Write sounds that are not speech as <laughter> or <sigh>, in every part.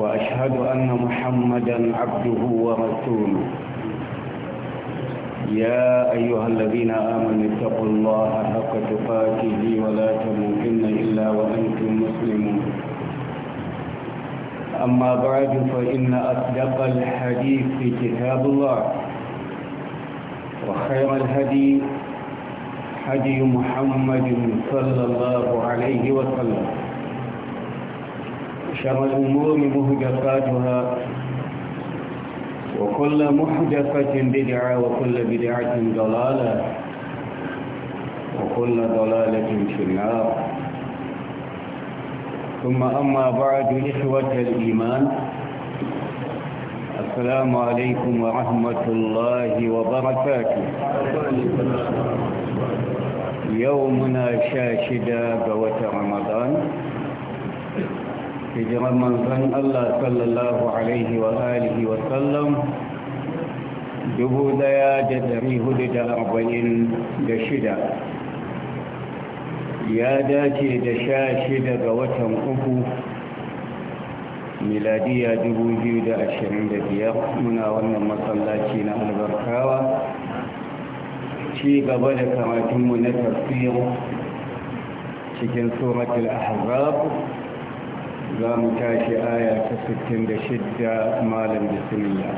وأشهد أن محمدا عبده ورسوله يا أيها الذين آمنوا اتقوا الله حق تقاته ولا تموتن إلا وأنتم مسلمون أما بعد فإن أصدق الحديث في كتاب الله وخير الهدي هدي محمد صلى الله عليه وسلم وشر الأمور مهجفاتها وكل مهجفة بدعة وكل بدعة ضلالة وكل ضلالة في النار ثم أما بعد إخوة الإيمان السلام عليكم ورحمة الله وبركاته يومنا شاشدا بوت رمضان hijiran manzan Allah sallallahu alaihi wa alihi wa sallam dubu daya da dari hudu da arba'in da shida ya dace da sha shida ga watan uku miladiya dubu biyu da ashirin da biyar muna wannan masallaci na albarkawa ci gaba da karatunmu na tafsir cikin suratul ahzab زامو تاشي آية aya ta مالا بسم الله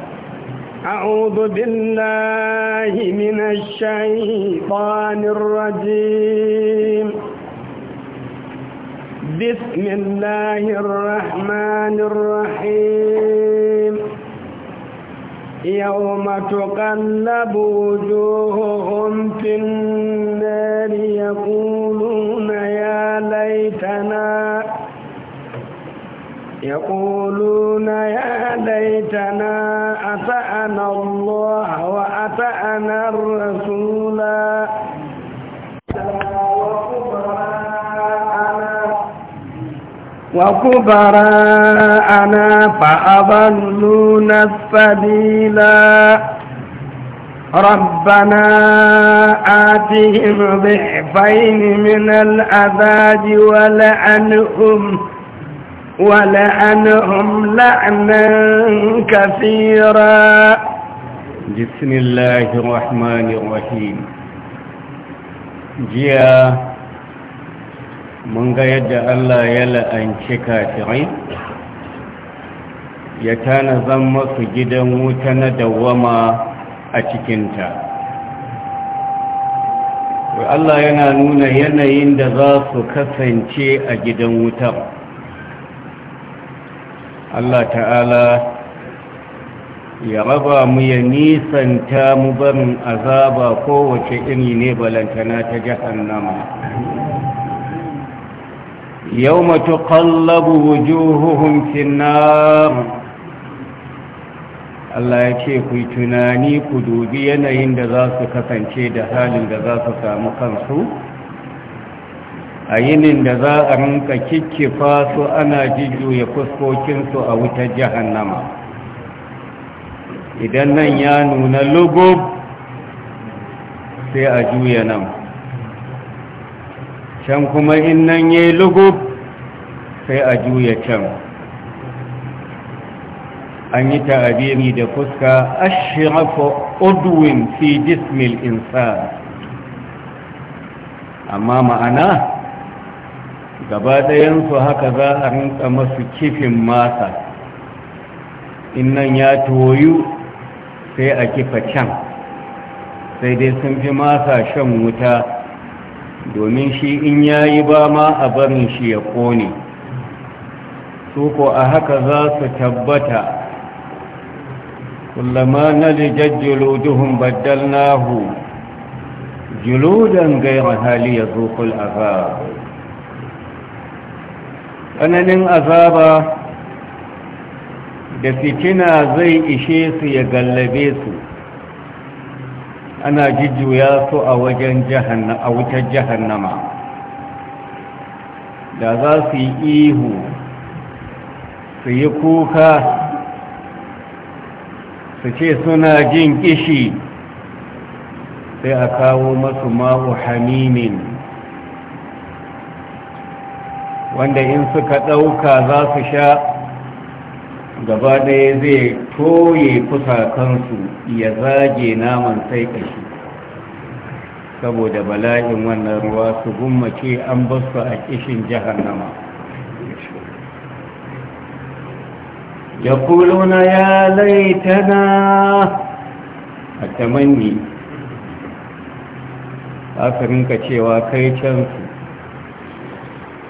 أعوذ بالله من الشيطان الرجيم بسم الله الرحمن الرحيم يوم تقلب وجوههم في النار يقول يقولون يا ليتنا أطعنا الله وأطعنا الرسولا وكبراءنا فأضلون السبيلا ربنا آتهم ضعفين من العذاب ولعنهم ولعنهم لعنا كثيرا بسم الله الرحمن الرحيم جيا من قيد الله يلأن شكاترين ya tanazan masu gidan wuta na dawwama a cikinta Allah yana nuna yanayin da za su kasance a gidan wutar Allah ta'ala ya raba mu ya nisanta mu barin azaba kowace iri ne balantana ta jahannama yau tuqallabu wujuhuhum fin nar Allah ya ce ku tunani ku dubi yanayin da za su kasance da halin da za su samu kansu a yinin da za a rinka kikkifa su ana jujjuya fuskokinsu a wutar jahannama idan nan ya nuna lugub sai a juya nan can kuma in nan ya yi lugub sai a juya can an yi ta'abiri da fuska ashirafa udwin fi jismil insa amma ma'ana gaba ɗayansu haka za a rinka masu kifin masa in nan ya toyu sai a kifa can sai dai sun fi masa shan wuta domin shi in ya yi ba ma a barin shi ya ƙone su ko a haka za su tabbata كلما نلجت جلودهم بدلناه hali ya zo العذاب tsananin azaba da fitina zai ishe su ya gallabe su ana jujjuya su a wajen a wutar jahannama da za su yi ihu su yi kuka su ce suna jin ƙishi, sai a kawo masu ma'u hamimin wanda in suka ɗauka za su sha gaba ɗaya zai toye kusakansu ya zage naman sai ƙashi saboda bala'in wannan ruwa su gummace an basu a ƙishin jahannama ya na ya laitana a tamanni a cewa kai cansu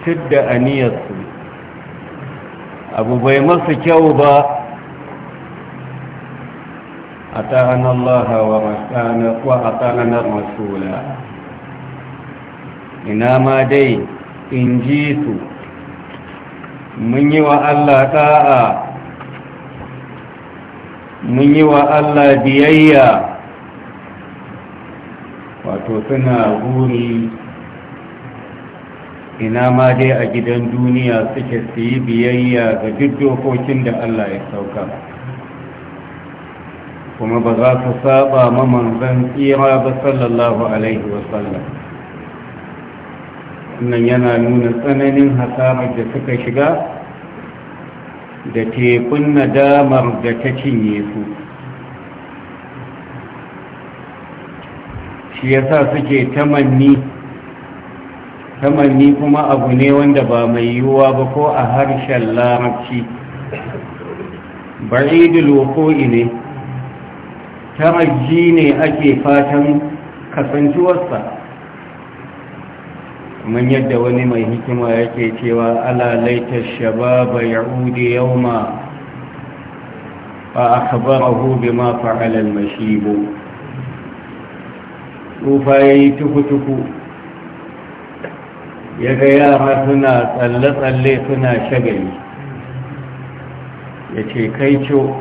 sidda aniyarsu abu bai masu kyau ba a ta'an Allah wa a ta'anar masula ina ma dai in ji su mun yi wa Allah ta'a mun yi wa Allah biyayya wato suna guri ina ma dai a gidan duniya suke su yi biyayya ga duk dokokin da Allah ya sauka kuma ba za su saba ma manzan tsira ba sallallahu alaihi wasallam wannan yana nuna tsananin hasarar da suka shiga da tekun nadamar da ta cinye su shi yasa suke tamanni tamanni kuma abu ne wanda ba mai yiwuwa ba ko a harshen larabci ba'idul wuko'i ne taraji ne ake fatan kasancewarsa man yadda wani mai hikima yake cewa ala laita shababa ya'udi yawma fa akhbarahu bima fa'ala al-mashibu tufa yayi tuku tuku Yaga yara suna tsalle-tsalle suna shagali ya ce kai co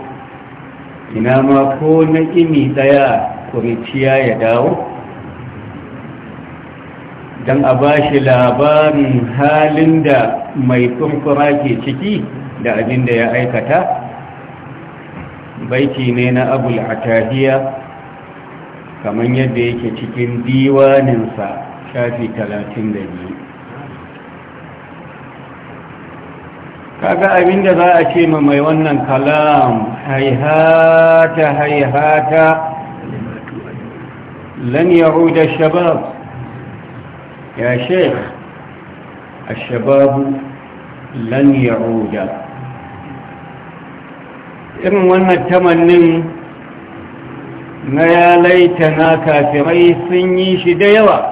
ina ma ko na imi daya kuriciya ya dawo don a ba shi labarin halin da mai kurkura ke ciki da abin da ya aikata Baiki ne na abul atahiya kamar yadda yake cikin diwaninsa shafi talatin da biyu. kaga abinda za a ce ma mai wannan kalam haihata haihata lan yahuda shabab ya sheikh الشباب لن يعود irin wannan tamannin na ya laita na kafirai sun yi shi da yawa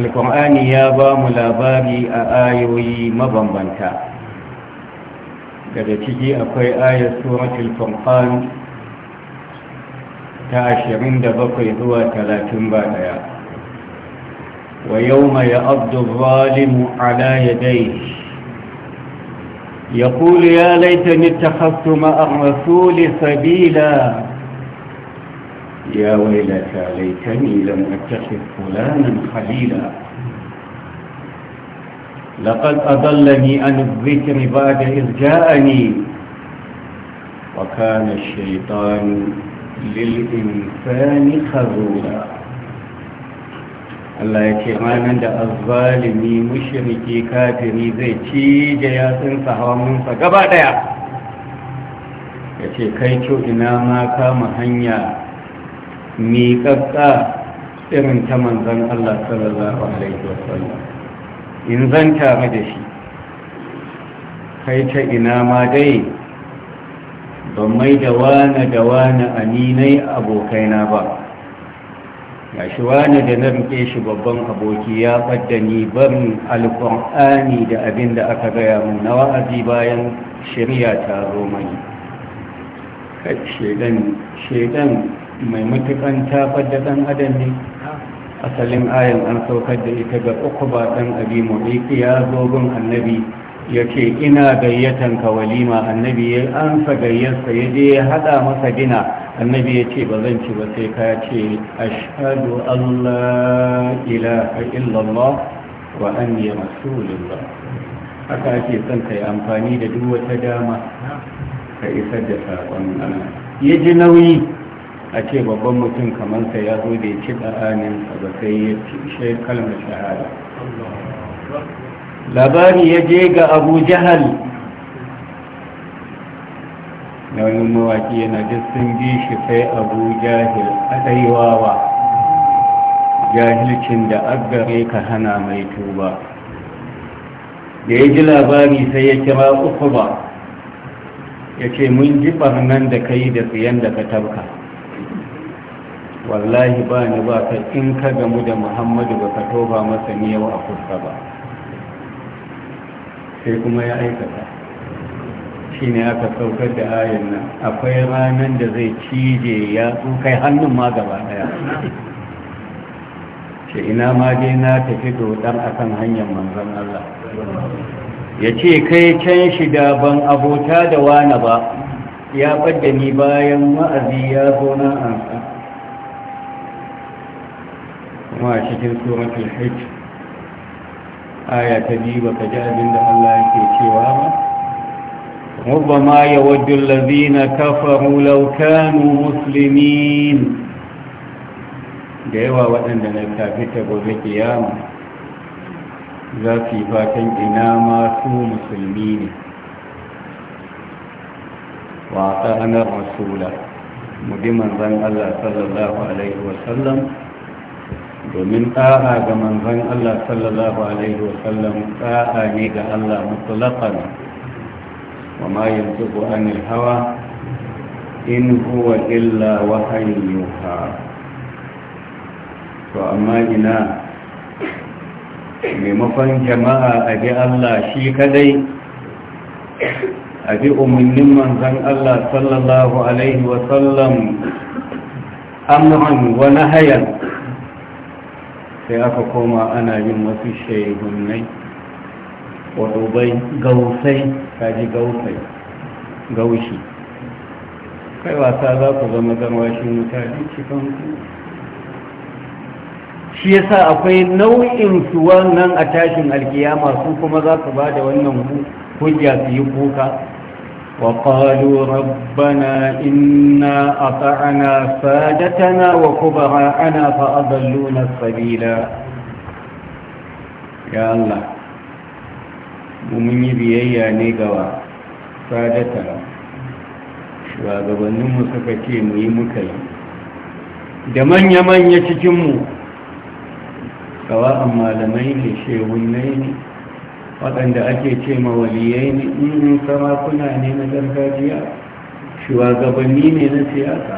alkur'ani ya ba mu labari a ayoyi mabambanta daga ciki akwai ayar suratul furqan ta 27 zuwa 31 wa yawma ya'dhu adh-dhalimu 'ala yadayhi يقول يا ليتني اتخذت مع الرسول سبيلا يا ويلتى ليتني لم أتخذ فلانا خليلا لقد أضلني عن الذكر بعد إذ جاءني وكان الشيطان للإنسان خذولا Allah ya ce ranar da azzalimi mushriki kafiri zai cije yatsunsa hawamunsa gaba daya ya ce kai co ina ma kama hanya miƙaƙƙa irin ta manzan Allah sallallahu Alaihi wasallam in zan tare da shi kai ta ina ma dai ban mai da wane da wane aminai abokaina ba ga shi wane da na rike shi babban aboki ya ɓadda ni barin alƙur'ani da abin da aka gaya mu na wa'azi bayan shirya ta zo mani mai matukan tabar da ɗan adam ne asalin ayan an saukar da ita ga uku ba ɗan abi mulki ya zogon annabi yace ina gayyatan ka walima annabi ya ansa gayyarsa ya je ya haɗa masa dina annabi ya ce ba zan ci ba sai ka ce ashadu allah ilaha illallah wa anni rasulullah haka ake son ka yi amfani da duk wata dama ka isar da saƙon allah ya ji nauyi a ce babban mutum kamar sa ya zo da ya ci ƙa'anin ba sai ya ci kalmar shahada labari ya je ga abu jahal na wani mawaki yana duk sun ji shi sai abu jahil a ɗaiwawa jahilcin da agare ka hana mai tuba da ya ji labari sai ya kira uku ba ya ce mun ji ɓarnan da ka yi da tsayen da ka tabka wallahi ba ni ba ka in ka gamu da muhammadu ba ka toba masa yau a kusa ba sai kuma ya aikata shi ne aka saukar da ayin nan akwai ranar da zai cije ya kai hannun ma gaba daya ce ina ma dai na tafi dodon akan hanyar manzon Allah ya ce kai can da ban abota da wani ba ya ɓadda ni bayan ma'azi ya zo na an kuma cikin suratul hajj aya ta biyu baka ji abin da Allah yake cewa ba ربما يود الذين كفروا لو كانوا musulmin. da yawa waɗanda na tafi ta gobe kiyama za su yi fatan ina masu musulmi ne wa a ranar rasula mu bi manzan allah sallallahu alaihi wasallam domin ɗa'a ga manzan Allah sallallahu Alaihi wa sallam ɗa'a ne ga Allah mutulakan wa ma yanzu anil hawa in huwa illa wahayin yuha to amma ina maimakon jama'a a bi Allah shi kadai a bi umarnin manzan Allah sallallahu Alaihi wa wasallam amran wa nahayan sai aka koma ana yin wasu shehunai wadubai gausai kaji gausai gaushi kai wasa za ku zama garwashin mutane cikin shi yasa akwai nau'in su wannan a tashin alkiyama masu kuma za su ba da wannan hujja su yi kuka وقالوا ربنا إنا أطعنا سادتنا وكبراءنا فأضلونا wa kubara, ana ممني بيئي نيقوا سادتنا shugabannin mu suka ce mu yi muka yi da manya-manya cikinmu sawa'an malamai ne shehunai waɗanda ake ce mawaliyai ne in sarakuna ne na gargajiya shugabanni ne na siyasa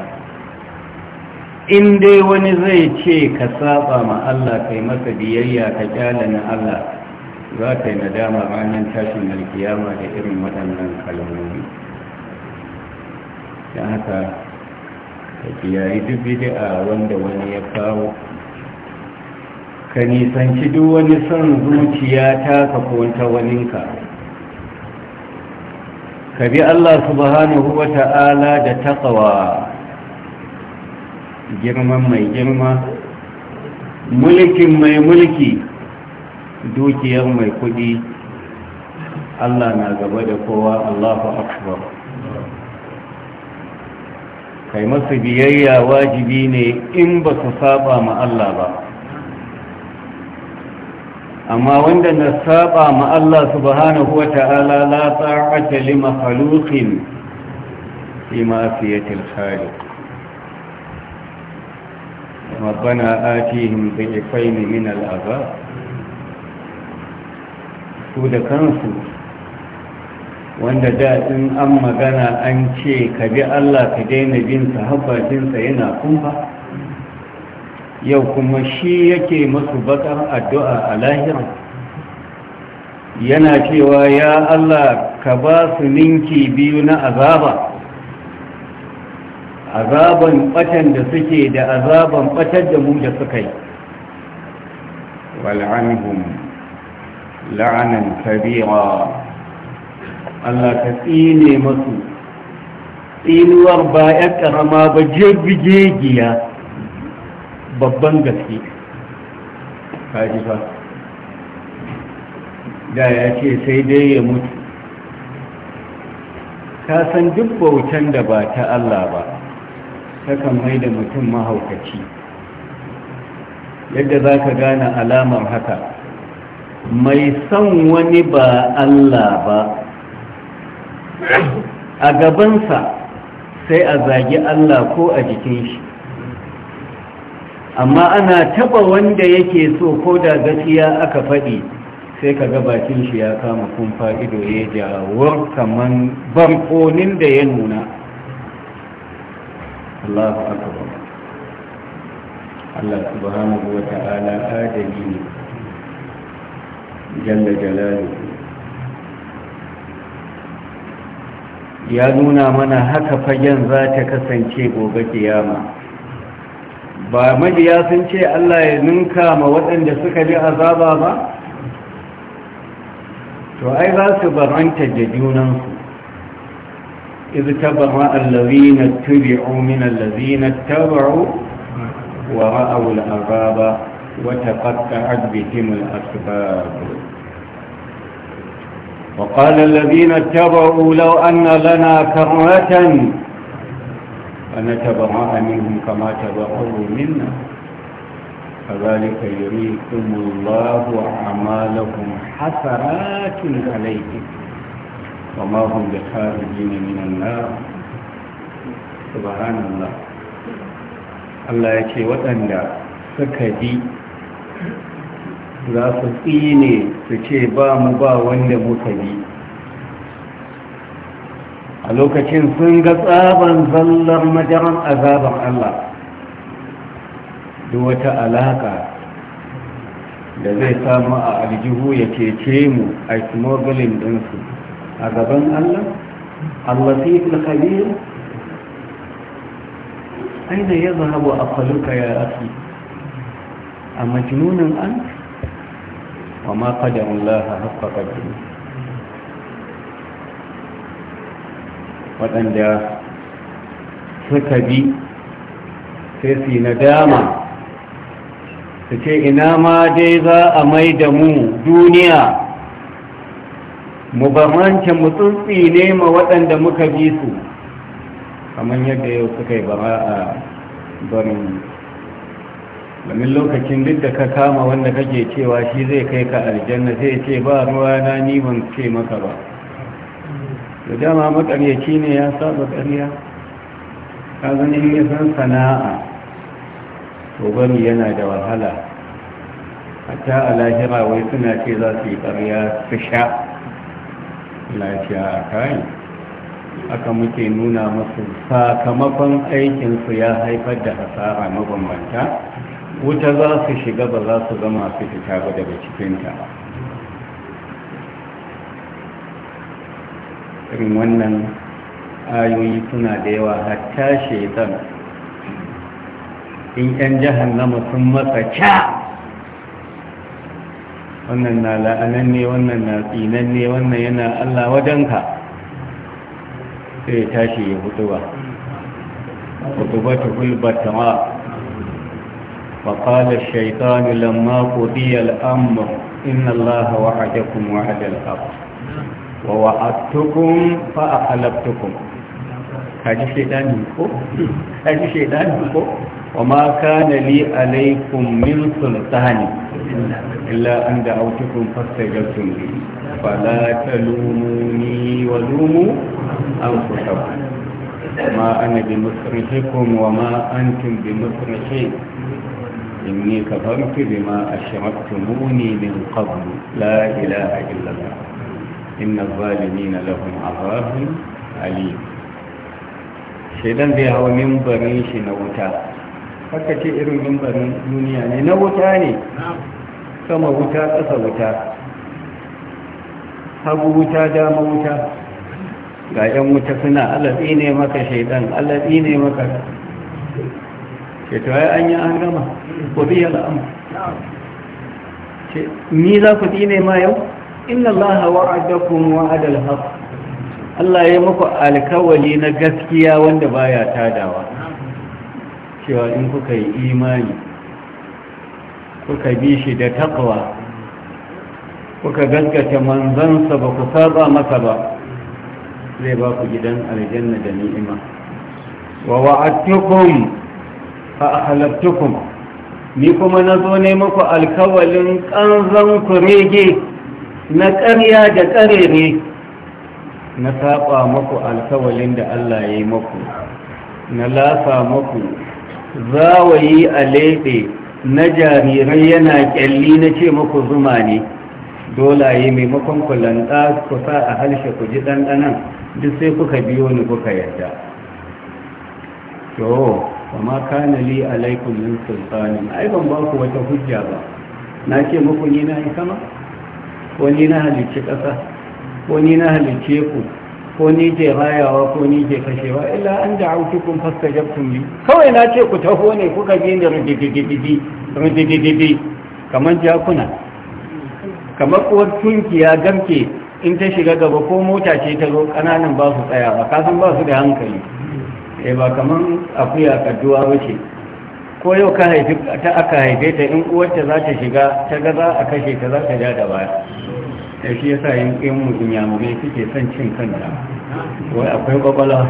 in dai wani zai ce ka saba ma Allah kai masa biyayya ka kyala na Allah za ka yi nadama ranar tashin alkiyama da irin waɗannan kalmomi da haka ka kiyayi duk bid'a wanda wani ya kawo ka nisanci duk wani son zuciya ta ka kowanta waninka ka bi Allah subhanahu wa ta'ala da taqwa girman mai girma mulkin mai mulki dukiyar mai kudi Allah na gaba da kowa Allahu akbar kai masu biyayya wajibi ne in ba su saba ma Allah ba amma wanda na saba ma Allah subhanahu wa ta'ala la ta'ata li makhluqin fi ma'siyati al-khaliq ربنا آتيهم ضعفين من العذاب su da kansu wanda da in an magana an ce ka bi Allah ka daina bin sahabbatinsa yana kumfa yau kuma shi yake masu bakar addu'a a lahira yana cewa ya Allah ka ba su ninki biyu na azaba azaban batan da suke da azaban batar da mu da suka yi wal'anhum la'anan kabira Allah ka tsine masu tsinuwar ba ya ƙarama ba giya. babban gaske kajifa da ya ce sai dai ya mutu ka san duk bautan da ba ta Allah ba takan mai da mutum mahaukaci yadda za ka gane alamar haka mai son wani ba Allah ba a gabansa sai a zagi Allah ko a jikin shi amma ana taba wanda yake so ko da gaskiya aka faɗi sai ka bakin shi ya kama kumfa ido ya jawar kaman barkonin da ya nuna Allahu akbar Allah subhanahu wa ta'ala adali jalla jalali. ya nuna mana haka fagen za ta kasance gobe kiyama ba majiya sun ce Allah ya ninka ma waɗanda suka bi azaba ba to ai za su baranta da junansu izu tabara allazina tabi'u min allazina tabaru wa ra'u al-azaba wa taqatta'at bihim al-asbab وقال الذين اتبعوا لو أن لنا كرة ونتبرأ منهم كما تبرأوا منا كذلك يريكم الله أعمالكم حسرات عليكم وما هم بخارجين من النار سبحان الله الله يكي وأن سكدي za su tsine su ce ba mu ba wanda muka bi lokacin sun ga tsaban zallar majaran azabar Allah duk wata alaka da zai samu a aljihu ya cece mu a smuggling dinsu a gaban Allah Allah al-khabir aina yadhhabu aqluka ya akhi a majnunun an wa ma qadara Allah haqqa qadrihi waɗanda suka bi sai su yi nadama su ce ina ma dai za a mai da mu duniya mu barance mu ne ma waɗanda muka bi su kamar yadda yau suka yi bara a barin domin lokacin duk da ka kama wanda kake cewa shi zai kai ka aljanna zai ce ba ruwa na ni ban ce maka ba da dama makaryaci ne ya saba karya ka ganin ya san sana'a to bari yana da wahala hatta a lahira wai suna ce za su yi karya su sha lafiya a kayan aka muke nuna masu sakamakon aikinsu ya haifar da hasara mabambanta wuta za su shiga ba za su zama su fita ba daga cikinta irin wannan ayoyi suna da yawa hatta shaitan in ƴan jahannama sun masa ca wannan na la'anan ne wannan na tsinan ne wannan yana allah wajenka sai tashi ya hutu ba ba ku ba ta hulbata ma ba kala shaitanu lamma ku biya inna allaha wa hajjakun wa hajjal haku wa wa'adtukum fa akhlaftukum kaji shaydani ko kaji shaydani ko wa ma kana li alaykum min sultani illa an da'awtukum fastajabtum li fala talumuni wa lumu anfusakum ma ana bi musrihikum wa ma bi إني كفرت بما أشركتموني من قبل لا إله إلا الله inna zalimina lahum azabun alim shaidan bai hawa mimbarin shi na wuta haka ce irin mimbarin duniya ne na wuta ne sama wuta ƙasa wuta hagu wuta dama wuta ga yan wuta suna alaɗi ne maka shaidan alaɗi ne maka shaitan an yi an gama ko biya la'amma ni za ku tsine ma yau inna allaha wa'adakum wa'adal haqq Allah ya muku alkawali na gaskiya wanda baya tadawa cewa in kuka yi imani kuka bi shi da takwa kuka gaskata manzansa ba ku saba masa ba zai ba ku gidan aljanna da ni'ima wa wa'adtukum fa akhlaftukum ni kuma nazo ne muku alkawalin kanzan ku rege. na ƙarya da ƙare ne na saba maku alkawalin da Allah ya yi maku na lafa maku zawayi a leɓe na jarirai yana ƙyalli na ce maku zuma ne yi maimakon kulanta ku sa a halshe ku ji ɗanɗanan duk sai kuka biyo ni kuka yarda to amma li alaikun min sultanin ai ba ku wata hujja ba na ce muku ni na yi sama ko ni na halicci ƙasa ko ni na halicce ku ko ni ke rayawa ko ni ke kashewa illa an da auki kun fasta jabtun yi kawai na ce ku taho ne kuka bi ni rudididibi kamar jakuna kamar kuwar tunkiya gamke in ta shiga gaba ko mota ce ta zo kananan ba su tsaya ba kasan ba su da hankali eh, ba kamar akuya kaduwa wace ko yau ka haifi ta aka haife ta in uwarta za ta shiga ta ga za a kashe ta za ta ja da baya da shi yasa yin in mutum ya mure suke son cin kanta wai akwai kwakwalwa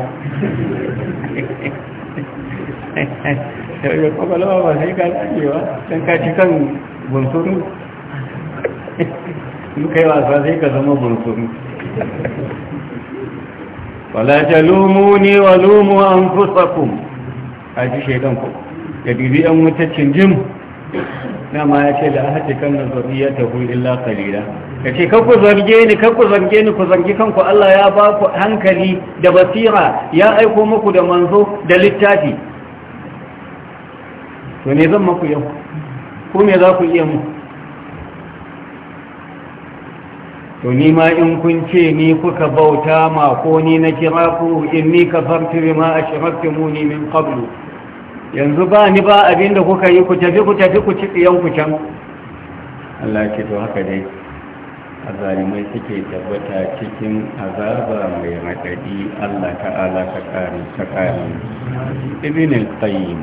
sai kwakwalwa ba sai ka tsakewa don ka ci kan bunsuru in kai wasa sai ka zama bunsuru wala ta lumu ne wa lumu an fusa kun a ji shaidan kuma ya bibi yan wuta cinjim nama ya ce da ahadi kan nazari ya tafi illa kalira ya ce ku zarge ni ku zarge ni ku zargi kanku Allah ya ba ku hankali da basira ya aiko muku da manzo da littafi to ne zan maku yau ko me za ku iya mu to ni ma in kun ce ni kuka bauta ma ko ni na kira ku in ni kafartu bima ashraktumuni min qablu yanzu ba ni ba abin da kuka yi ku tafi ku tafi ku ci tsiyan ku can Allah ce to haka dai azalimai suke tabbata cikin azaba mai radadi Allah ta'ala ka kare ka kare ibn al-qayyim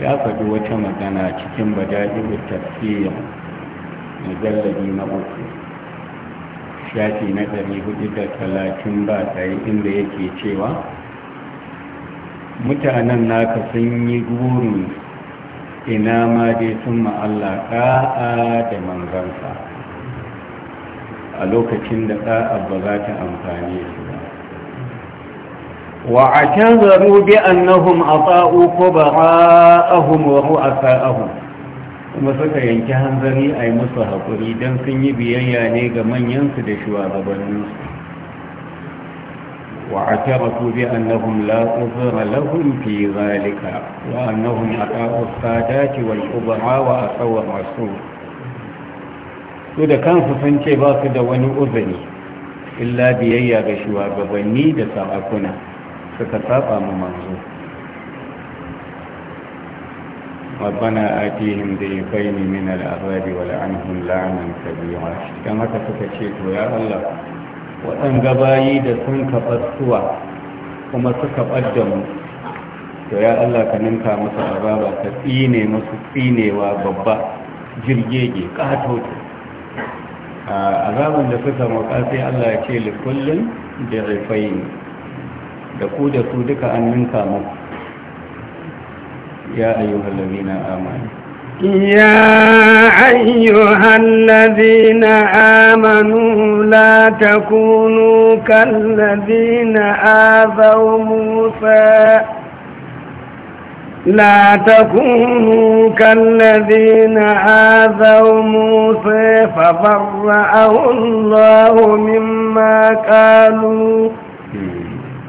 ya faɗi wata magana cikin bada'ibu tafsir mujalladi na uku shafi na 430 ba tsaye inda yake cewa mutanen naka sun yi gurin ina ma dai sun ma'alla ɗa'a da manzansa a lokacin da ɗa'a ba za ta amfani su ba wa a can zaru bi annahum a tsa'u ko ba ra'ahun wa ru'asa'ahun kuma suka yanki hanzari a yi musu haƙuri don sun yi biyayya ne ga manyansu da shugabanninsu واعترفوا بأنهم لا عذر لهم في ذلك وأنهم أطاعوا السادات والكبراء وأطاعوا الرسول da kansu sun ce ba su da wani uzuri illa biyayya ga shugabanni da sarakuna suka saba mu manzo ربنا آتيهم ضيفين من العذاب ولعنهم لعنا كبيرا كما تفكت يا الله waɗanga bayi da sun suwa kuma suka ɓadda mu to ya Allah ka ninka musu azaba ka tsine musu tsinewa babba jirgege ƙatoto a azaban da suka maka sai Allah ya ce likullin da rifayin da ku da su duka an ninka muku ya na amani. يا أيها الذين آمنوا لا تكونوا كالذين آذوا موسى لا تكونوا كالذين آذوا موسى فبرأه الله مما قالوا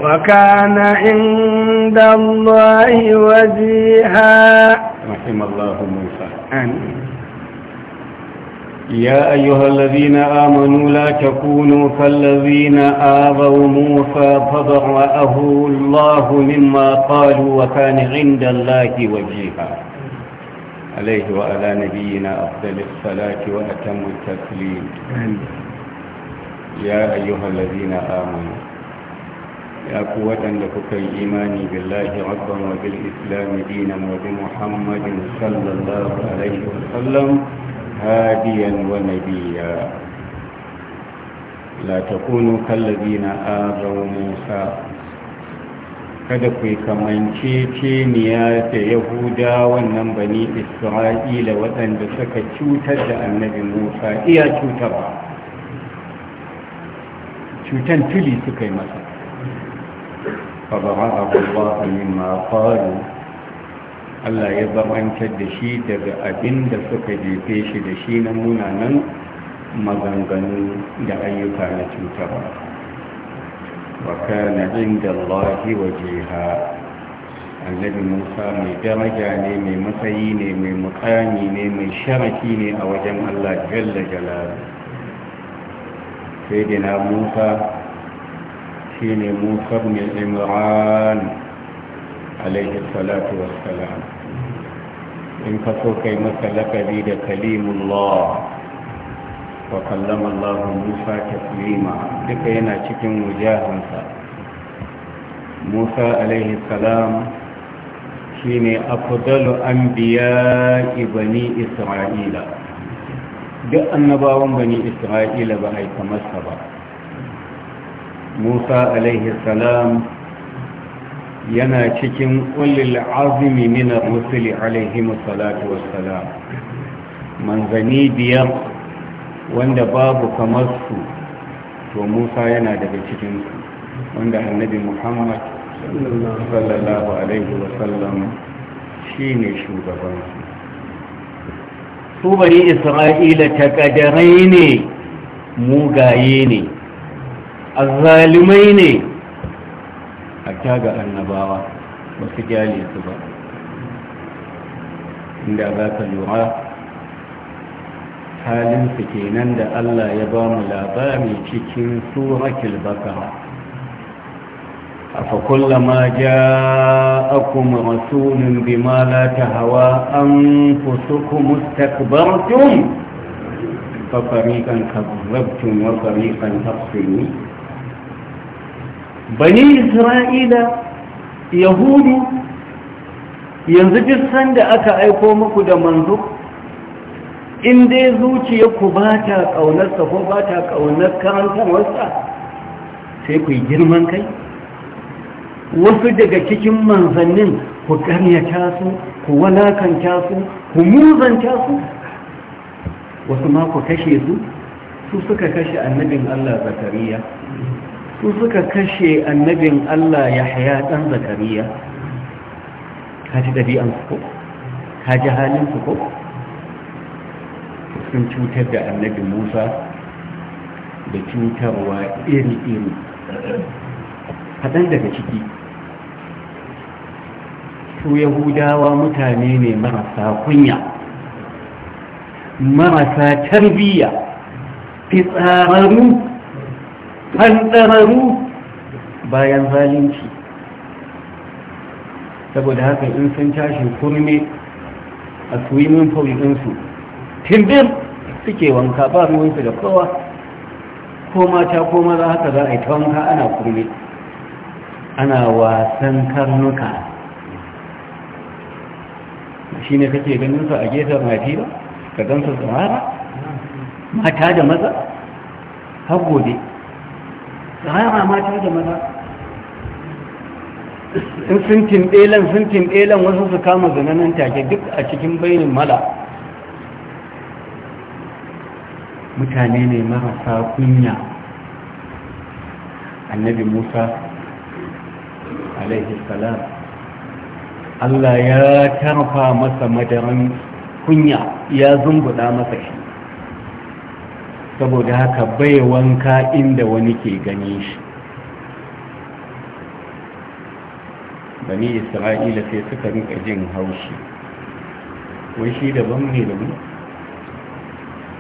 وكان عند الله وجيهاً Ya musa an ya ayyuhallazina amanu la takunu kallazina abaw musa fadha'ahu allah mimma qalu wa kana 'inda allah wajiha alayhi wa ala nabiyyina amanu يا قوة لكك الإيمان بالله ربا وبالإسلام دينا وبمحمد صلى الله عليه وسلم هاديا ونبيا لا تكونوا كالذين آذوا Musa. kada ku kamance kamanceceniya da yahuda wannan bani isra'ila waɗanda suka cutar da annabi musa iya cutarwa cutan tuli suka yi masa فبرأه الله مما قالوا Allah ya zamantar da shi daga abin da suka jefe shi da shi na munanan maganganu da ayyuka na cutarwa wa kana inda Allahi wajiha annabi Musa mai daraja ne mai matsayi ne mai mukami ne mai sharaki ne a wajen Allah jalla jalala sai da na Musa shine musa ibn imran alaihi salatu wassalam in ka so kai masa lakabi da kalimullah wa kallama Allah Musa taslima duka yana cikin wujahansa Musa alaihi salam shine afdalu anbiya bani Isra'ila duk annabawan bani Isra'ila ba ai kamar ba musa alaihi salam yana cikin ulil azumi min ar-rusuli alaihi salatu wassalam manzani biyar wanda babu kamar su to musa yana daga cikin su wanda annabi muhammad sallallahu alaihi wasallam shine shugaban su su bari isra'ila takadarai ne mugaye ne azalimai ne a kyaga annabawa ba su su ba inda za ka lura halinsu kenan da allah ya ba mu labari cikin tsorakil baka a fakulla ma ja a rasulun bimala hawa an kusa kuma takbartun fafarikan kabartun wa farikan tafsirin bani isra'ila yahudu yanzu duk da aka aiko muku da manzo in dai zuciyarku ba ta ƙaunarsa ko ba ta ƙaunar karantarwarsa sai ku yi girman kai wasu daga cikin manzannin ku karyata su ku walakanta su ku muzanta su wasu ma ku kashe su su suka kashe annabin Allah zakariya su suka kashe annabin Allah ya haya ɗan zakariya ka ji ɗabi'ansu ko ka ji halinsu ko sun cutar da annabin musa da cutarwa iri-iri kaɗan daga ciki su yahudawa mutane ne marasa kunya marasa tarbiyya Fi fitsararru fantsararru bayan zalunci saboda haka in sun tashi kurme a swimming pool timbir suke wanka ba ruwansu da kowa ko mata ko maza haka za a yi ta wanka ana kurme ana wasan karnuka shi ne kake ganin su a gefe mafi ba ka gan su tsamara mata da maza har da haya mata da maza in sun tinɗelan sun tinɗelan wasu su kama zananan take duk a cikin bainin mala mutane ne marasa kunya annabi musa alaihi salam Allah ya tarfa masa madaran kunya ya zumbuda masa shi saboda haka bai wanka inda wani ke gani shi bani isra'ila sai suka rinka jin haushi wai shi daban ne da mu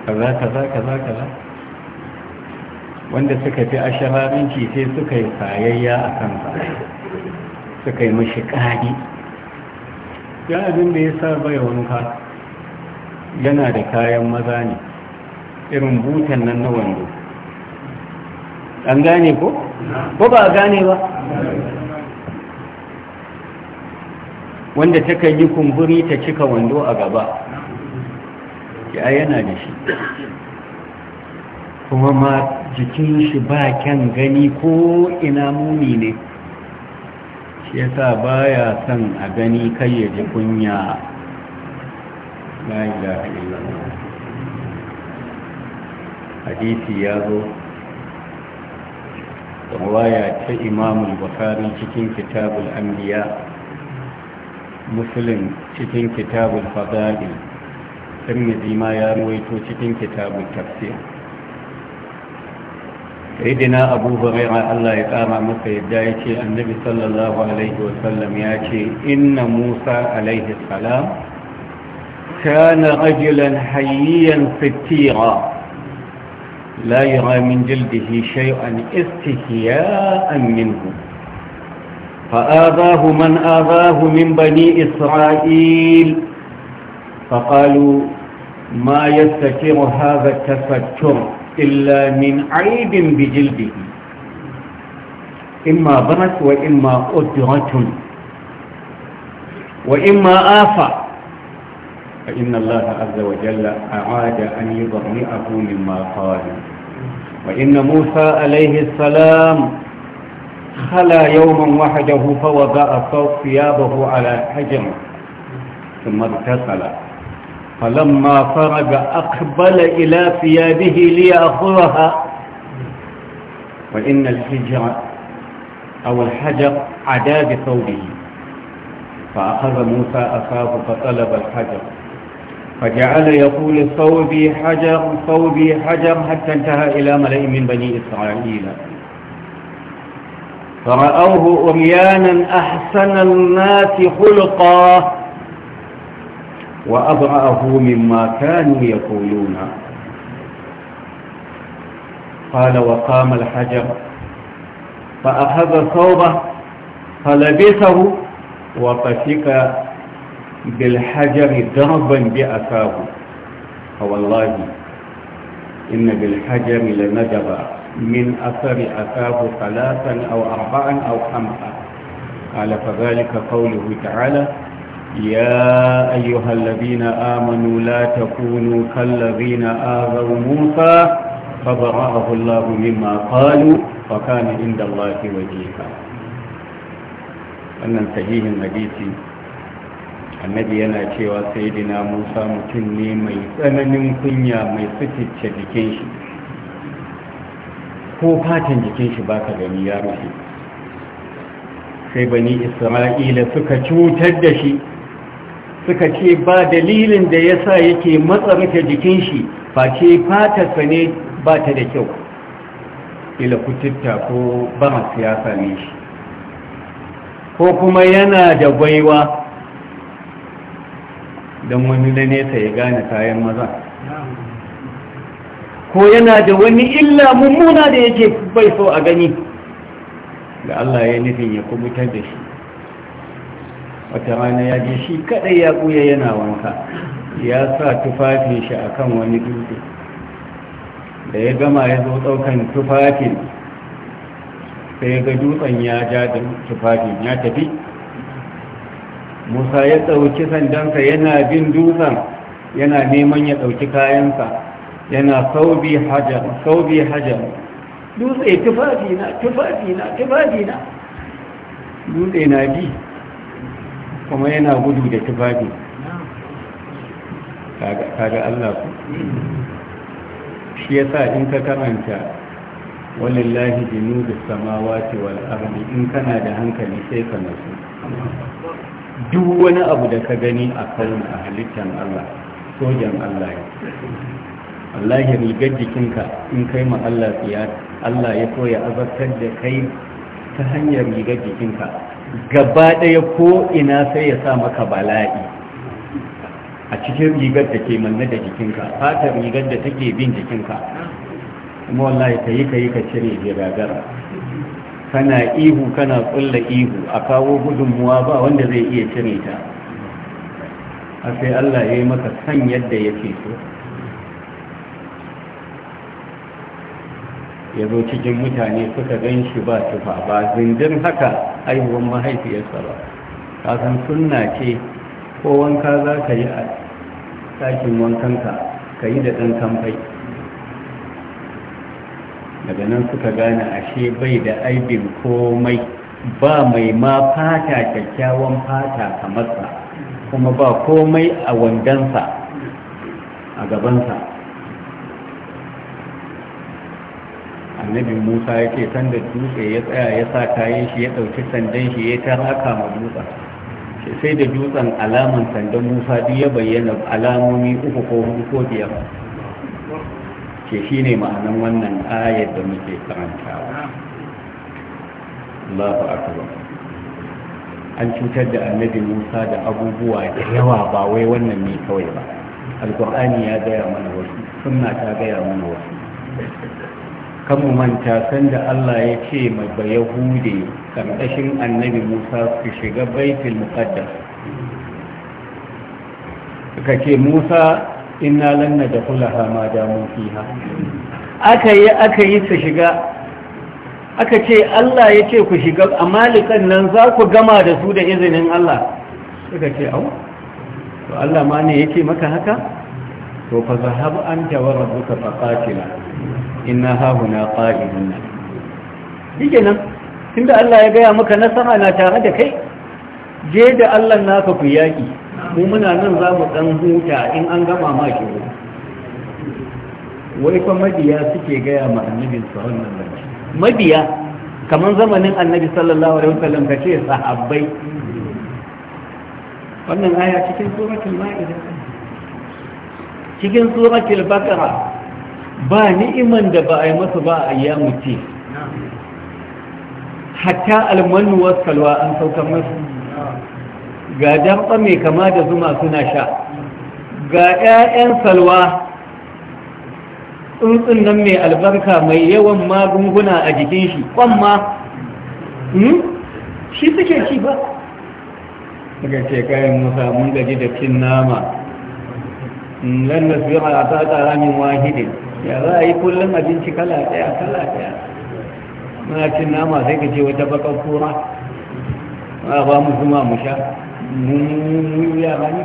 kaza kaza kaza kaza wanda suka fi asharabinci sai suka yi sayayya a kan suka yi mashi ƙari ya abin da ya sa bai wanka yana da kayan maza ne irin butan nan na wando an gane ko? ko ba a gane ba wanda ta kan yi kumburi ta cika wando a gaba ya yana da shi kuma ma jikin shi ba kyan gani ko ina muni ne shi yasa ya son a gani kayyade kunya kunya la hadisi ya zo waya ta imamul bukari cikin kitabul anbiya muslim cikin kitabul fadali tirmidhi zima ya ruwaito cikin kitabul tafsir sayyidina abu huraira Allah ya kama masa yadda ya ce annabi sallallahu alaihi wasallam ya ce inna musa alaihi salam kana rajulan hayyan fitira لا يرى من جلده شيئا استحياء منه فآذاه من آذاه من بني إسرائيل فقالوا ما يستتر هذا التفتر إلا من عيب بجلده إما برك وإما أدرة وإما آفة فإن الله عز وجل أعاد أن يضرئه مما قال وإن موسى عليه السلام خلا يوما وحده فوضع ثيابه على حجر ثم اغتسل فلما فرج أقبل إلى ثيابه ليأخذها وإن الحجر أو الحجر عدا بثوبه فأخذ موسى أخاه فطلب الحجر فجعل يقول صوبي حجر صوبي حجر حتى انتهى إلى ملئ من بني إسرائيل فرأوه أريانا أحسن الناس خلقا وأبرأه مما كانوا يقولون قال وقام الحجر فأخذ ثوبه فلبسه وفشك بالحجر ضربا بأفاه فوالله إن بالحجر لندب من أثر أفاه ثلاثا أو أربعا أو خمسا قال فذلك قوله تعالى يا أيها الذين آمنوا لا تكونوا كالذين آذوا موسى فبرأه الله مما قالوا وكان عند الله وجيها أن ننتهيه الحديث annabi yana cewa saidina musa mutum ne mai tsananin kunya mai sutice jikin shi ko fatan jikin shi baka gani ya rushe sai bani isra'ila suka cutar da shi suka ce ba dalilin da ya sa yake matsarka jikin shi face fatarsa ne ba ta da kyau ila kututta ko ba siyasa ne shi ko kuma yana da gwaiwa don wani na nesa ya gane kayan maza ko yana da wani illa mummuna da yake bai so a gani da Allah ya nufin ya kubutar da shi wata rana ya je shi kadai ya ɓuya yana wanka ya sa tufafin shi akan wani dutse da ya gama ya zo ɗaukan tufafin sai ga dutsen ya ja da tufafin ya tafi musa ya ɗauki sandansa yana bin dutsen yana neman ya ɗauki kayansa yana saubi hajar saubi hajar dutse tufafina tufafina tufafina dutse na bi kuma yana gudu da tufafi kaga Allah ku shi ya sa in ka karanta walillahi da samawa wal ardi in kana da hankali sai ka nasu duk wani abu da ka gani a kan a halittar Allah sojan Allah ya Allah ya rigar jikinka in kai ma Allah tsiya Allah ya koya azabtar da kai ta hanyar rigar jikinka gaba ɗaya ko ina sai ya sa maka bala'i a cikin rigar da ke manne da jikinka fatar rigar da take bin jikinka kuma wallahi ka yi ka yi ka cire jiragara kana ihu kana tsulla ihu a kawo gudunmuwa ba wanda zai iya cire ta a sai Allah ya yi maka san yadda yake so ya zo cikin mutane suka gan shi ba tufa ba zindin haka aihuwan mahaifiyarsa ba kasan sunna ce ko wanka za ka yi a ɗakin wankanka ka yi da ɗan kamfai daga nan suka gane ashe bai da aibin komai ba mai ma fata kyakkyawan fata kamarsa kuma ba komai a wandansa a gabansa annabi musa ya ce sanda dutse ya tsaya ya sa kayan shi ya ɗauki sandan shi ya aka ma dutsen sai da dutsen alaman sandan musa duk ya bayyana alamomi uku ko hudu ko biyar ke shi ne ma'anan wannan ayar da muke karantawa Allahu akbar an cutar da annabi Musa da abubuwa da yawa ba wai wannan ne kawai ba alkur'ani ya gaya mana wasu sunna ta gaya mana wasu kan manta sanda Allah ya ce mai ba yahude karkashin annabi Musa su shiga baitul muqaddas kake Musa inna lan nadkhulaha ma damu fiha aka yi aka yi su shiga aka ce Allah ya ce ku shiga amalikan nan za ku gama da su da izinin Allah suka ce au to Allah ma ne yake maka haka to fa zahab anta wa rabbuka qatila inna ha huna qa'idun nan tunda Allah ya gaya maka nasara na tare da kai je da Allah naka ku yaki mu muna nan za mu dan huta in an gama ma shi wai fa mabiya suke gaya ma annabi sallallahu nan da mabiya kaman zamanin annabi sallallahu alaihi wasallam ce sahabbai wannan aya cikin suratul ma'idah cikin suratul baqara ba ni'iman da ba a yi masa ba a ya ce. hatta almanu wasalwa an saukar masa ga damɓa mai kama da zuma suna sha ga 'ya'yan salwa tsuntsun nan mai albarka mai yawan magunguna a jikin shi kwamma hmm? shi suke ci ba daga ce kayan musa mun gaji da cin nama mm, lan nasbiha a tsara min wahidin ya za a yi kullum abinci kala daya kala daya muna cin nama sai ka ce wata bakan kura ba mu zuma mu sha mun ya bani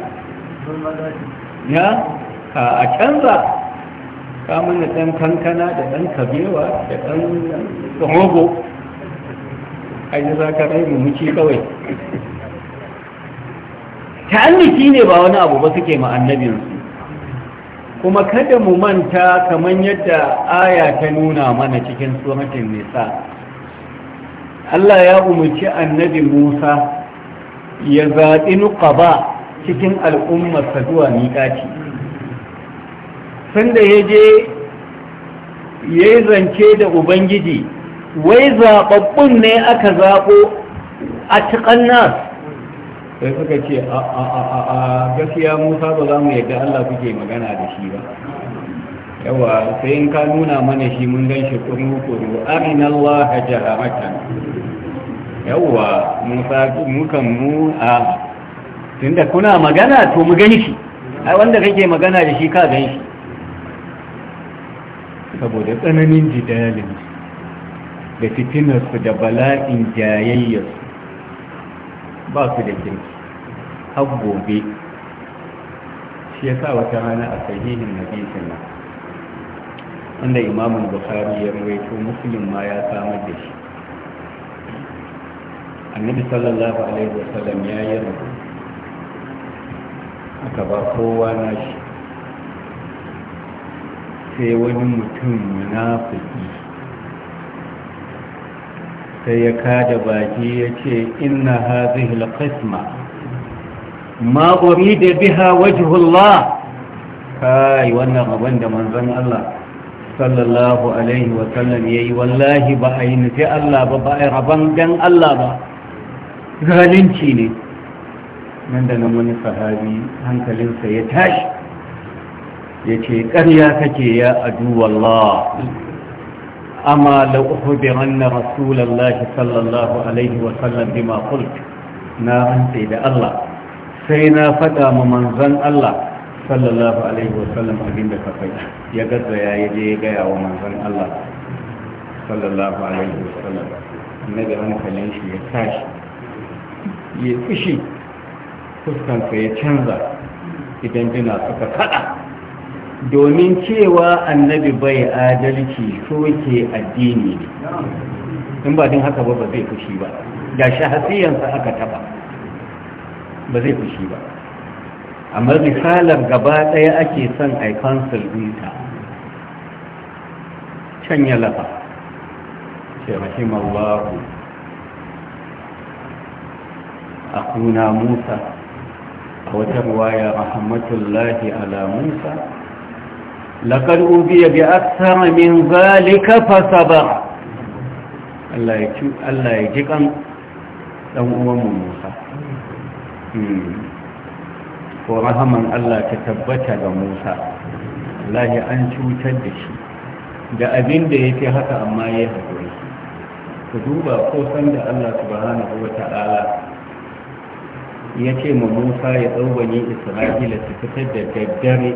a canza ka mana ɗan kankana da ɗan kabewa da ɗan rogo a yi za ka rai mummuci kawai ta'anniki ne ba wani abu ba suke ma'annabinsu kuma kada mu manta kamar yadda aya ta nuna mana cikin tsohon nisa Allah ya umarci annabi Musa ya zaɓi nuqaba cikin al'ummarsa zuwa miƙaci sanda ya je ya yi zance da ubangiji wai zaɓaɓɓun ne aka zaɓo a cikin nas sai suka ce a gaskiya musa ba za mu yadda allah kuke magana da shi ba yawa sai in ka nuna mana shi mun gan shi kuru kuru arin allah yawwa mukan mu a tunda kuna magana to mu gani shi ai wanda kake magana da shi ka gani shi saboda tsananin jidalin da fitinarsu da bala'in jayayyarsu ba su da kirki har gobe shi ya sa wata rana a sahihin hadisin nan wanda imamun bukari ya ruwaito musulun ma ya samar da shi annabi sallallahu alaihi wasallam ya yi rabu aka ba kowa na shi sai wani mutum munafiki sai ya kada baki ya ce inna hazihi alqisma ma urida biha wajhullah kai wannan abin da manzon Allah sallallahu alaihi wasallam yayi wallahi ba a yi nufi Allah ba ba a yi rabon dan Allah ba zalunci ne nan da nan wani sahabi hankalinsa ya tashi ya ce ƙarya kake ya aduwallah amma la'uhubiran na rasulallah sallallahu alaihi wasallam bima kult na rantse da Allah sai na faɗa ma manzan Allah sallallahu alaihi wasallam abinda ka faɗa ya gaza ya yi je ya gaya wa manzan Allah sallallahu alaihi wasallam annabi hankalin shi ya tashi ya fushi fuskansa ya canza idan dina suka kada domin cewa annabi bai adalci ko ke addini ne in ba din haka ba ba zai fushi ba da shahasiyansa aka taba ba zai fushi ba amma risalar gaba ɗaya ake son a kansul dinta can ya lafa ce rahimar A suna musa a wata ruwaya rahmatullahi ala musa laƙar ubiya bi aksara min zalika fasaba Allah ya ji kan musa ko rahaman Allah ta tabbata ga musa Allah ya an cutar da shi da abin da ya fi haka amma ya haƙuri ku duba ko san da Allah subhanahu wa ta'ala ya ce ma musa ya ɗaubani isra'ila su fitar da daddare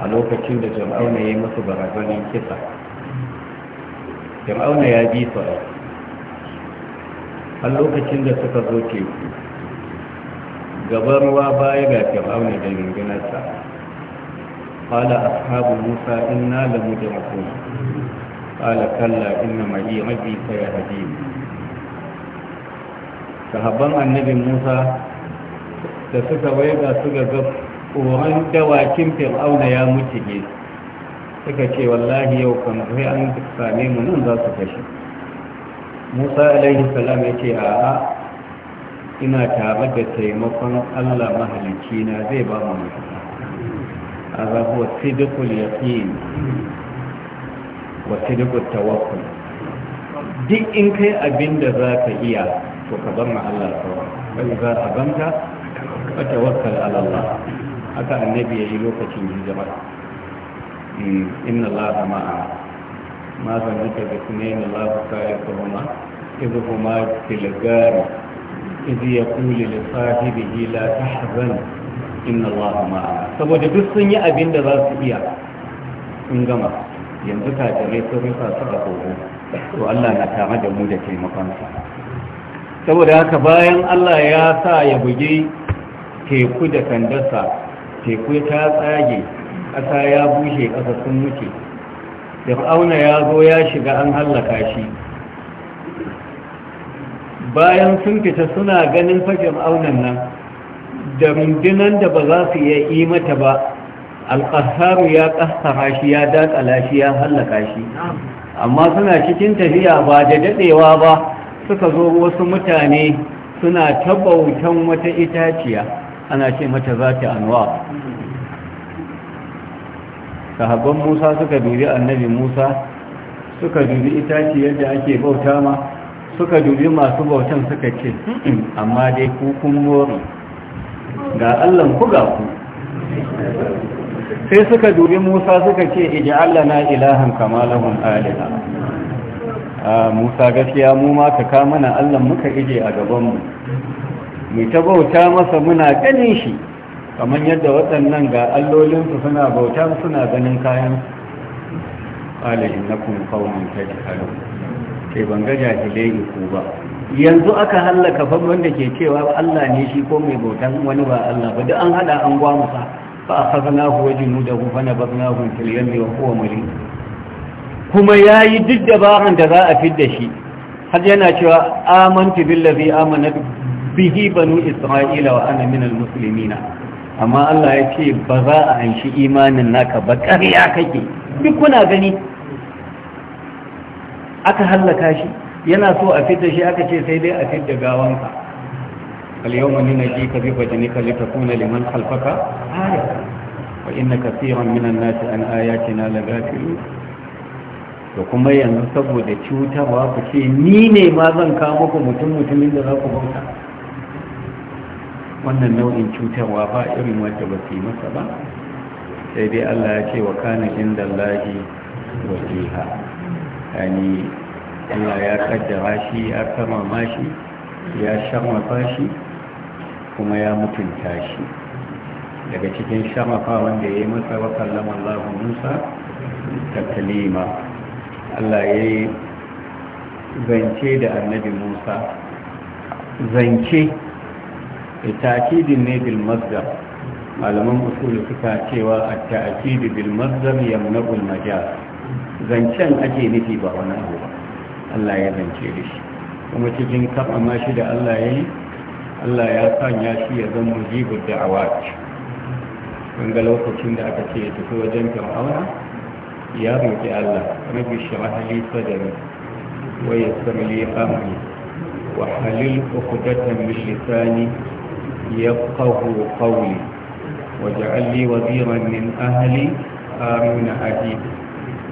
a lokacin da jam'auna ya masu barazanin kisa jam'auna ya bi su a lokacin da suka zo teku Gabar ruwa baya ga jam'auna da Musa ringinarsa قال أصحاب موسى إنا لمدركون قال كلا إنما لي ربي سيهديني sahabban annabi musa da suka waiga suka ga ƙoron dawakin fir'auna ya mutige suka ce wallahi yau kan sai an same mu nan za su kashe musa alaihi salam ya ce a'a ina tare da taimakon allah mahalicci na zai ba mu mutu a zafi wasu dukul yaƙin wasu dukul tawakul duk in kai abin da za ka iya to ka ban ma Allah kawai bai za a banta ka tawakkal ala Allah haka annabi yayi lokacin hijira hmm, inna Allah ma'a ma zan duka bi sunayn Allah ka'ikuma idhuma fil gar idh yaqulu li sahibihi la tahzan inna Allah ma'a saboda duk sun yi abin da za su iya sun gama yanzu kajirai sun rufa su a kogo to Allah na tare da mu da taimakonsa saboda haka bayan Allah ya sa ya buge teku da kandarsa teku ta tsage ƙasa ya bushe ƙasa sun muke fir'auna ya zo ya shiga an hallaka shi bayan sun fita suna ganin fajin aunan nan da rundunan da ba za su iya yi mata ba alƙasaru ya ƙasara shi ya daƙala shi ya hallaka shi amma suna cikin tafiya ba da daɗewa ba suka zo wasu mutane suna tabautan wata itaciya ana ce mata za ta anwa sahabban musa suka dubi annabi musa suka dubi itaciyar da ake bauta ma suka dubi masu bautan suka ce hmm, amma dai kukun mori ga allon ku ga ku sai suka dubi musa suka ce iji allana ilahan kamalahun aliha a musa gaskiya mu ma ka ka mana allah muka ije a gaban mu ta bauta masa muna ganin shi kamar yadda waɗannan ga allolinsu suna bauta suna ganin kayan ƙalayin na kun kawon ta sai ban ga jahilai ku ba yanzu aka hallaka fa wanda ke cewa allah ne shi ko mai bautan wani ba allah ba duk an hada an gwamusa fa akhadnahu da hu fa nabatnahu fil yami wa huwa mulim kuma ya yi duk dabaran da za a fi da shi har yana cewa amantu billazi amanat bihi banu isra'ila wa ana minal muslimina amma Allah ya ce ba za a anshi imanin naka ba ƙarya kake duk kuna gani aka hallaka shi yana so a fidda shi aka ce sai dai a fidda gawanka al-yawma nunajjika bi badanika litakuna liman khalfaka aya wa inna kaseeran minan nasi an ayatina laghafilun da kuma yanzu saboda cutarwa ku ce ni ne ma zan kawo ku mutum mutumin da za ku bauta wannan nau'in cutarwa ba irin wanda ba su yi masa ba sai dai Allah ya ce wa kana inda wa wajiha yani Allah ya kaddara shi ya kama shi ya sharmafa shi kuma ya mutunta shi daga cikin fa wanda ya yi masa wa kallama Allah Musa taklima Allah ya yi zance da annabi musa zance takidin ne bil masdar malaman usulu suka cewa a ta'kidu bil masdar yamna'ul zancen ake nufi ba wani abu ba Allah ya zance da shi kuma cikin kama ma shi da Allah ya yi Allah ya sanya shi ya zama mujibud da'awa wanga lokacin da aka ce ya tafi wajen fir'auna يا رب الله رب اشرح لي صدري ويسر لي امري وحلل عقدة من لساني يفقه قولي واجعل لي وزيرا من اهلي آمن اجيب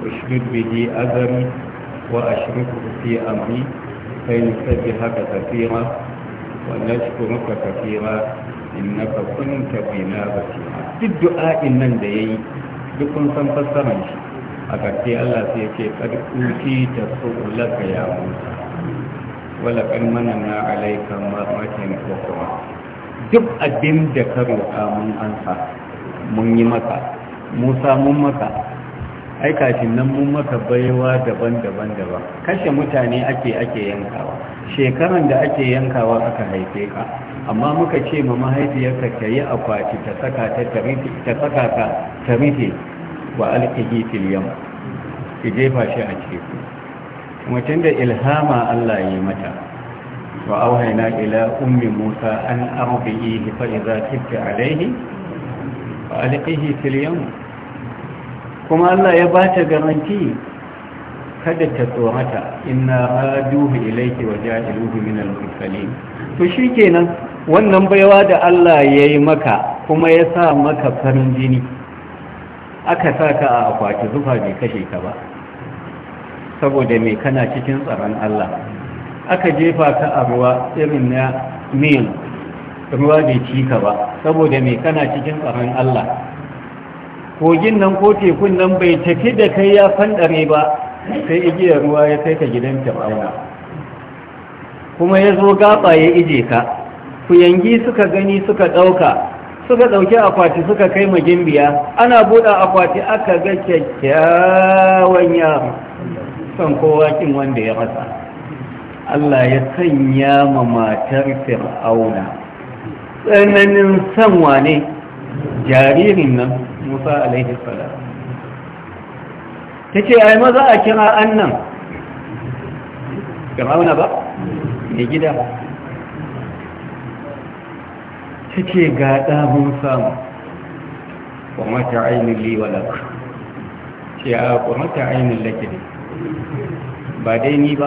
اشدد به اذري واشركه في امري كي كثيرا ونشكرك كثيرا إنك كنت بنا بصيرا في الدعاء من دي دكن سنفسرنش a ƙarshe Allah sai ya ce ƙarƙuki da su'ulaka ya musa wala ƙarmanan na alaika makin kokowa duk abin da ka roƙa mun sa mun yi maka musa mun maka ai kafin nan mun maka baiwa daban-daban daban kashe mutane ake ake yankawa shekaran da ake yankawa aka haife ka amma muka ce ma mahaifiyarka ta yi akwati ta saka ta ta ta rufe wa alkihi fil ki jefa shi a teku kuma da ilhama Allah ya yi mata wa auhayna ila ummi Musa an arbihi fa idza kibta alayhi wa alkihi fil yamma kuma Allah ya bata garanti kada ta tsorata inna raduhu ilayki wa ja'iluhu min al-mursalin to shikenan wannan baiwa da Allah yayi maka kuma ya sa maka farin jini aka sa ka a akwati zufa bai kashe ka ba saboda mai kana cikin tsaron Allah aka jefa ka a ruwa irin na mil ruwa bai ci ka ba saboda mai kana cikin tsaron Allah kogin nan ko tekun nan bai tafi da kai ya fandare ba sai igiyar ruwa ya kai ka gidan fir'auna kuma ya zo gaba ya ije ka kuyangi suka gani suka ɗauka suka ɗauki akwati suka kai magimbiya ana buɗe akwati aka ga kyakkyawan yaro son kowa kin wanda ya rasa. Allah ya sanya ma matar fir'auna tsananin son wane jaririn nan musa alaihi salam ta ce ai maza a kira annan fir'auna ba mai gida ba suke ga mun samu wa mata ainihin liwalar ce a wa mata ainihin lakini ba dai ni ba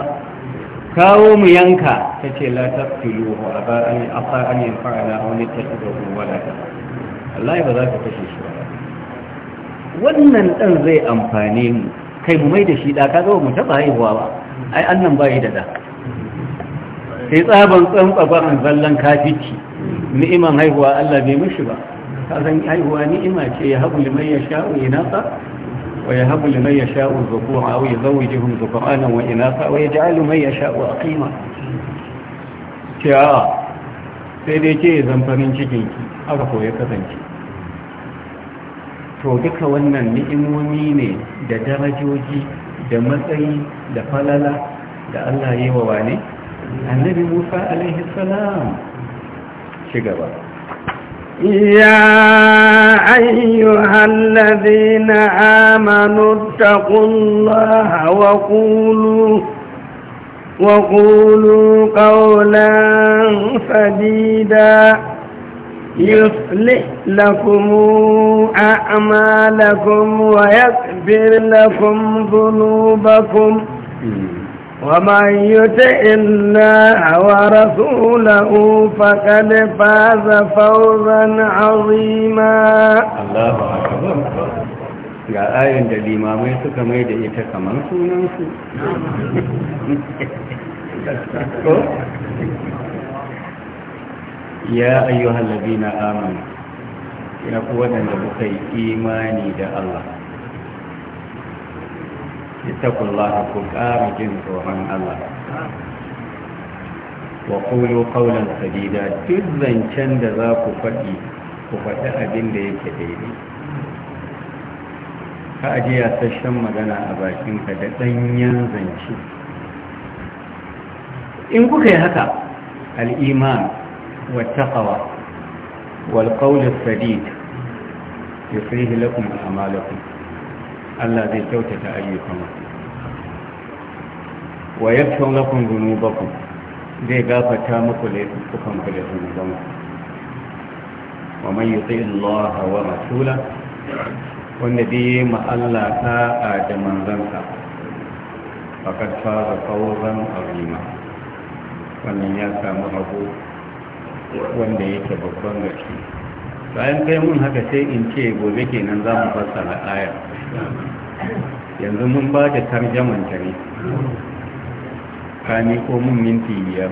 kawo mu yanka ta ce latar filo a ba'ani a fa'ani fa'ana wani ta ɗaga wala ta Allah ba za ka kashe shi wannan ɗan zai amfane mu kai mu mai da shi ɗa zo mu taɓa haihuwa ba ai annan bayi da da. sai tsaban tsangwa-tsagon zallan kafici ni'iman haihuwa Allah bai mishi ba kasan haihuwa ni'ima ce ya habu liman ya sha'u inasa wa ya habu liman ya sha'u zukura wa ya zawujihum zukurana wa inasa wa ya ja'alu man ya sha'u aqima ce a sai dai ke zamfarin cikin ki aka koya kasance to duka wannan ni'imomi ne da darajoji da matsayi da falala da Allah ya yi wa wane annabi Musa alaihi salam ci ya ayyuhan ladina amanu taqullaha wa qulu wa qulu qawlan sadida يصلح لكم أعمالكم ويكبر لكم ظنوبكم ومن يطع الله ورسوله فقد فاز فوزا عظيما الله اكبر ga ayin da limamai suka mai ita kamar sunansu ya ayyuhal ladina amanu ya ku wadanda kuka yi imani da Allah اتقوا الله كقام جنس ومن الله وقولوا قولا سديدا جزا شند ذاك فدي فدي أبن ليك ديدي فأجي أتشم مغانا أباشين فدتن ينزن شي إن كوكي هكا الإيمان والتقوى والقول السديد يصليه لكم أعمالكم Allah zai kyautata ayyukanku wa yaghfir lakum dhunubakum zai gafarta muku laifukan ku da zunubanku wa man yuti Allah wa rasulahu wanda dai ma Allah ta'a da manzansa faqad faza fawzan azima wannan ya samu rabo wanda yake babban gaske bayan kai mun haka sai in ce gobe kenan za mu fassara ayar yanzu mun ba da tarjaman ta ne kami ko mun minti biyar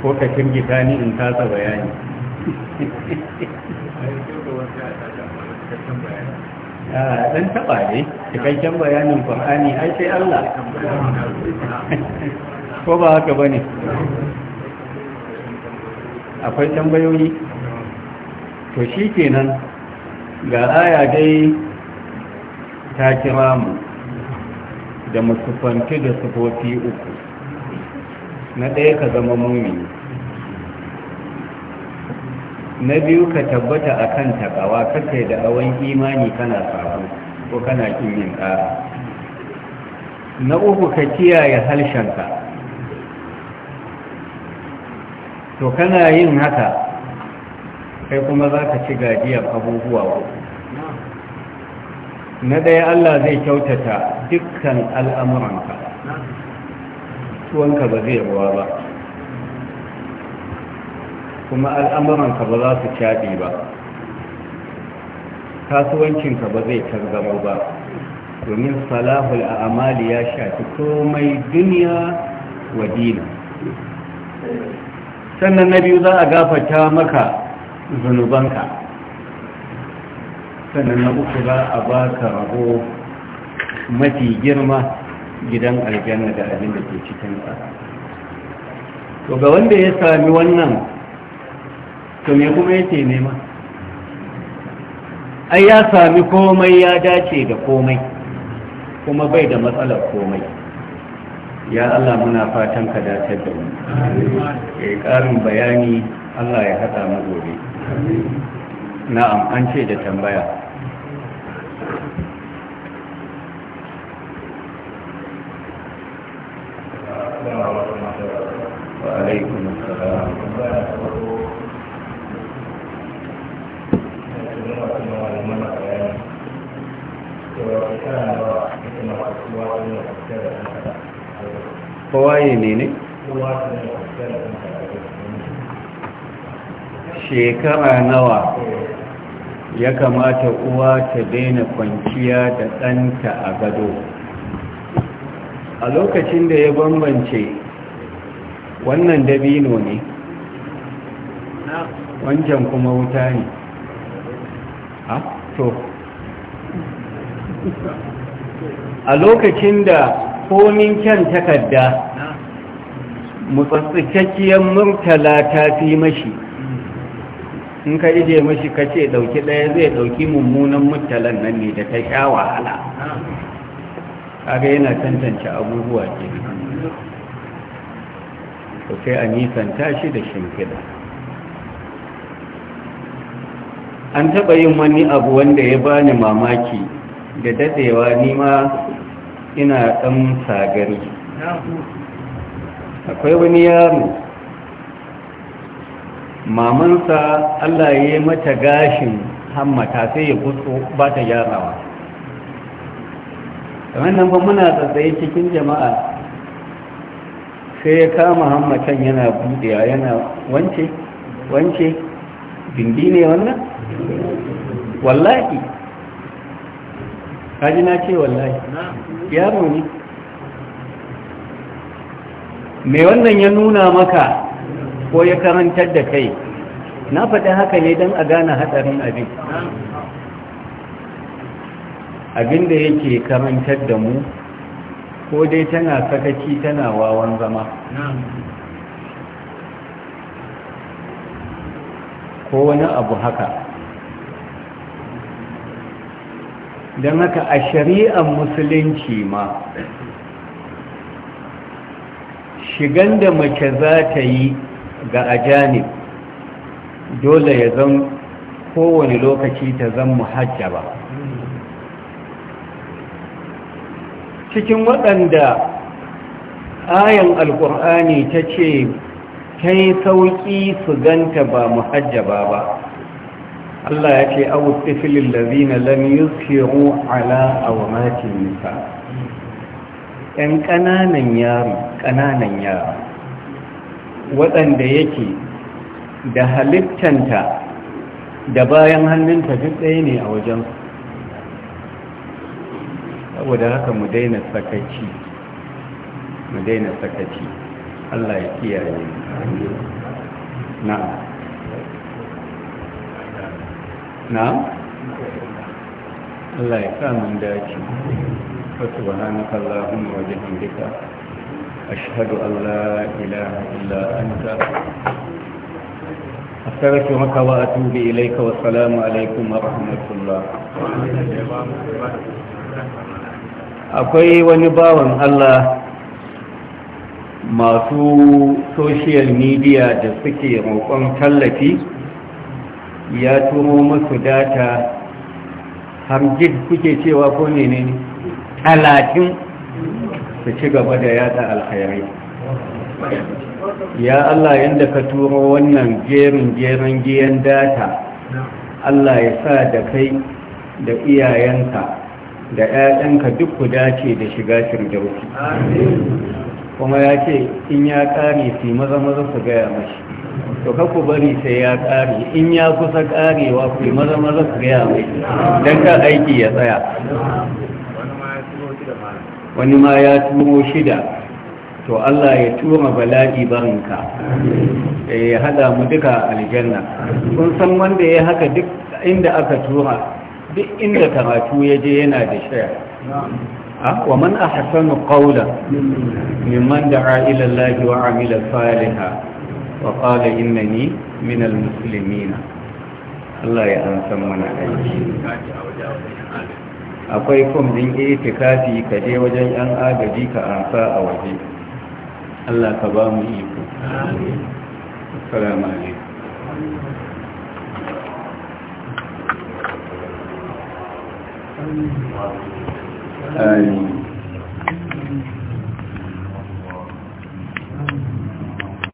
ko ka kirgi ni in kasa bayani ɗan <laughs> ah, taɓa ne cikakken bayanin qur'ani ai sai Allah <laughs> ko ba haka ba ne? akwai tambayoyi to shi kenan ga aya dai ta kira mu da musufanci da sufofi uku na ɗaya ka zama mumini na biyu ka tabbata a kan taƙawa kakai da awon imani kana sabu ko kana yin ƙara na uku ka kiyaye harshenka to kana yin haka kai kuma za ka ci gajiyar abubuwa uku na ɗaya Allah zai kyautata dukkan al'amuranka tuwonka ba zai ruwa ba kuma al'amuranka ba za su caɗe ba kasuwancinka ba zai tarzama ba domin salahul amali ya shafi komai duniya wa dina sannan na biyu za a gafata maka zunubanka sannan na uku za a ba ka rabo mafi girma gidan aljanna da abin da ke cikin tsara to ga wanda ya sami wannan to me kuma yake nema ai ya sami komai ya dace da komai kuma bai da matsalar komai ya Allah muna fatan ka dace da mu eh karin bayani Allah ya haɗa mu gobe na'am an ce da tambaya وعليكم السلام ne ne? shekara nawa ya kamata uwa ta daina kwanciya da ɗanta a gado a lokacin da ya bambance wannan dabino ne wancan kuma wuta ne a to a lokacin da komin kyan takarda mutsatsikakiyar murtala ta fi mashi in ka ije mashi kace dauki daya zai dauki mummunan murtalan nan ne da ta sha wahala kaga yana tantance abubuwa ke to sai a nisanta shi da shinkida an taɓa yin wani abu wanda ya bani mamaki da dadewa nima ina ɗan sagari akwai wani yaro mamansa allah ya yi mata gashin hammata sai ya kuso ba ta yarawa wannan ba muna tsaye cikin jama'a sai ya kama hammatan yana buɗewa yana wance wance bindi ne wannan wallahi kaji na ce wallahi yaro ne mai wannan ya nuna maka ko ya karantar da kai na faɗi haka ne don a gane hatsarin abin abinda yake karantar da mu ko dai tana sakaci tana wawan zama ko wani abu haka don haka a shari'ar musulunci ma shigan da mace za ta yi ga ajanib dole ya zan kowane lokaci ta zan muhajjaba cikin waɗanda ayan alƙur'ani ta ce ta yi sauƙi su ganta ba muhajjaba ba Allah ya ce abu tifilin lazina lam yusiru ala awamatin nisa ‘yan ƙananan yaro ƙananan yaro waɗanda yake da halittanta da bayan hannunta duk ɗaya ne a wajensu saboda haka mu daina sakaci mu daina sakaci Allah ya kiyaye na na Allah ya kamun dace wasu bahanaka Allahun wajen hindika ashhadu an ilaha illa anta أستغفرك وأتوب إليك والسلام عليكم ورحمة الله akwai wani bawan Allah masu social media da suke roƙon tallafi ya turo musu data har jid kuke cewa ko menene talatin su ci gaba da yada alkhairai ya Allah yadda ka turo wannan jerin jerin giyan data Allah ya sa da kai da iyayenka da ‘ya'yanka duk ku dace da shiga firdausi kuma ya ce in ya ƙare su maza maza su gaya mashi to ka ku bari sai ya ƙare in ya kusa ƙarewa ku maza maza su gaya mashi don ka aiki ya tsaya wani ma ya turo shida to Allah ya tura bala'i barinka eh, ya haɗa mu duka aljanna kun san wanda ya haka duk inda aka tura duk inda karatu ya je yana da shaya wa man ahsanu qawlan mimman da ila Allah wa amila salihan wa qala ni min musulmina. Allah ya ansa mana aiki akwai kum din itikafi ka je wajen yan agaji ka ansa a waje Allah ka ba mu iko amin assalamu alaikum Amin.